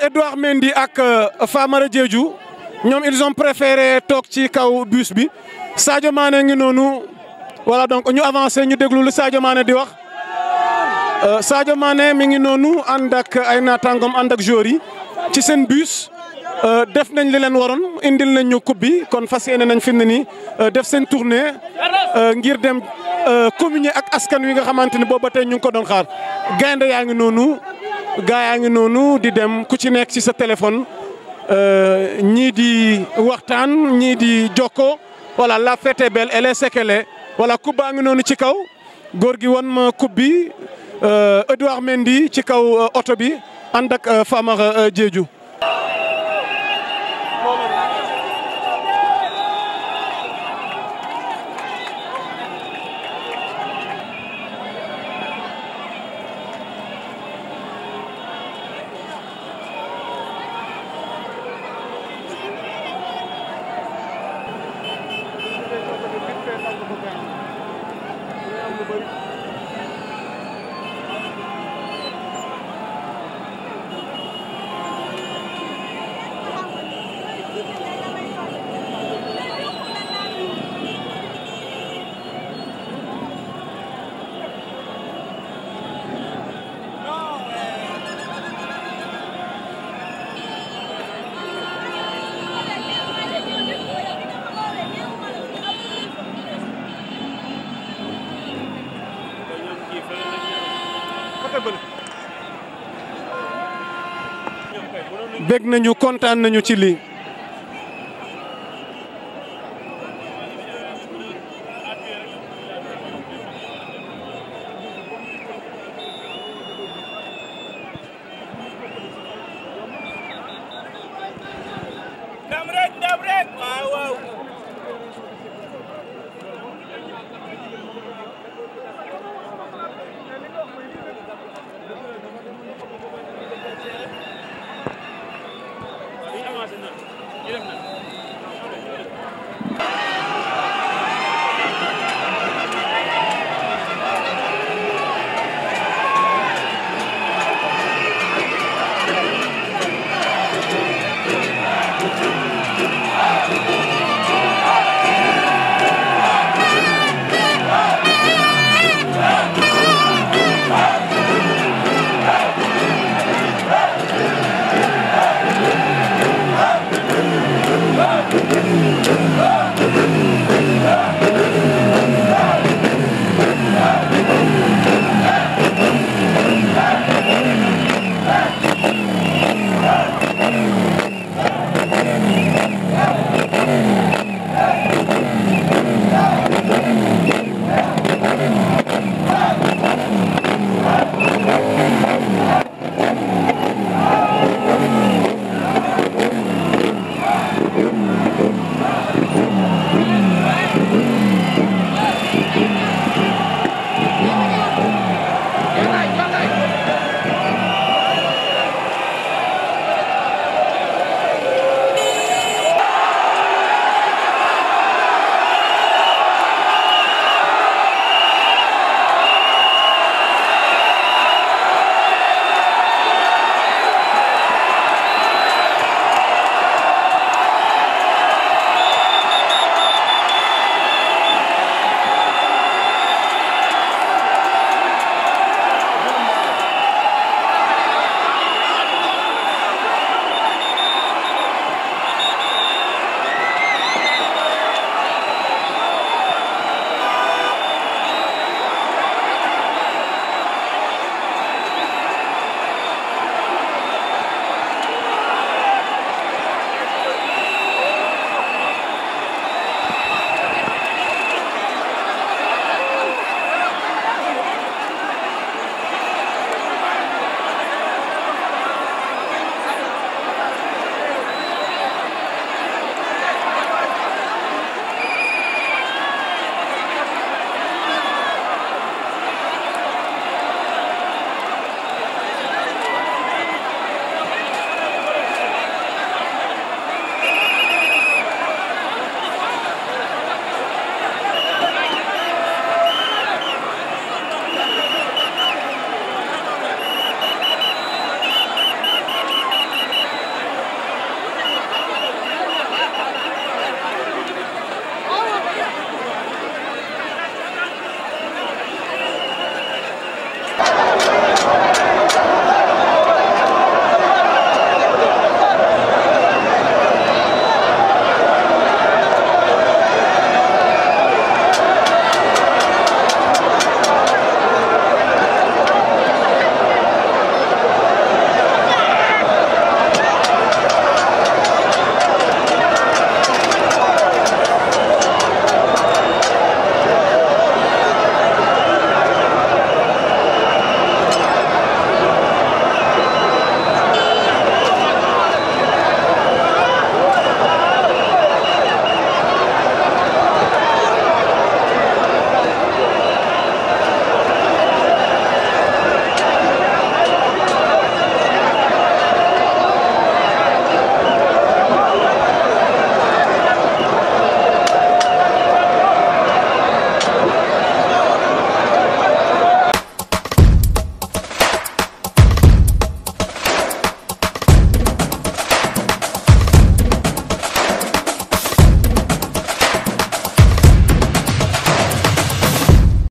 Edouard Edouard Mendy ak euh, faamara jeeju ñoom ils ont préféré toog ci kaw bus bi Sadio Mané ngi noonu voilà donc ñu avancé ñu déglu lu saajo Mané di wax. Euh, saajo maane mi ngi noonu ànd ak ay naataangoom ànd ak joueurs yi ci seen bus euh, def nañ li leen waroon indil nañ ñu bi kon fas yéene nañ fi mu nii def seen tournée ngir dem communier ak askan wi nga xamante ni boobu ba tey ñu ngi ko doon xaar gaynde yaa ngi noonu. gaa ngi noonu di dem ku ci nekk ci sa téléphone euh, ñii di waxtaan ñii di jokko voilà la fête est belle elle est séquelée voilà coupe baa ngi noonu ci kaw góor gi won ma coupe bi euh, Edouard Mendy ci kaw euh, oto bi ànd ak Famara Diédhiou bég nañu kontaan nañu ci lii yërëm na